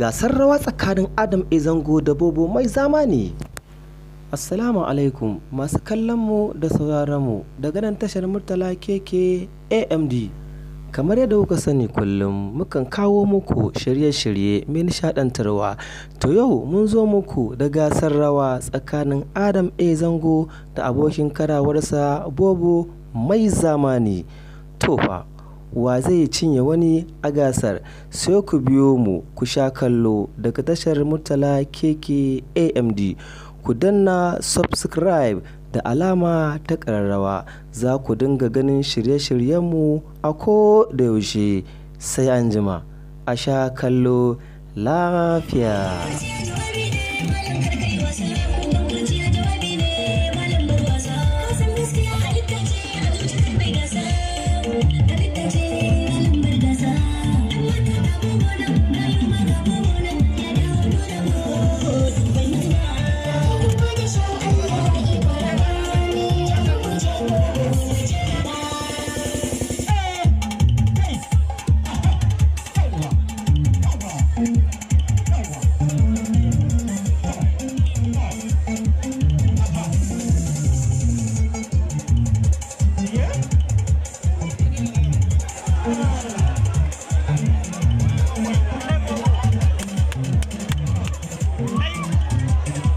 gasar rawa tsakanin adam e zango da bobo mai zamani assalamu alaikum masu mu da mu daga nan tashar murtala keke amd kamar yadda kuka sani kullum mukan kawo muku shirye-shirye mai nishadantarwa to yau mun zo muku da gasar rawa tsakanin adam e zango da abokin karawarsa bobo mai zamani to wa zai cinye wani a gasar sai ku biyo mu ku sha kallo daga tashar Murtala keke AMD ku danna subscribe da alama ta ƙararrawa za ku dinga ganin shirye-shiryenmu a ko da yaushe sai an jima a sha kallo lafiya.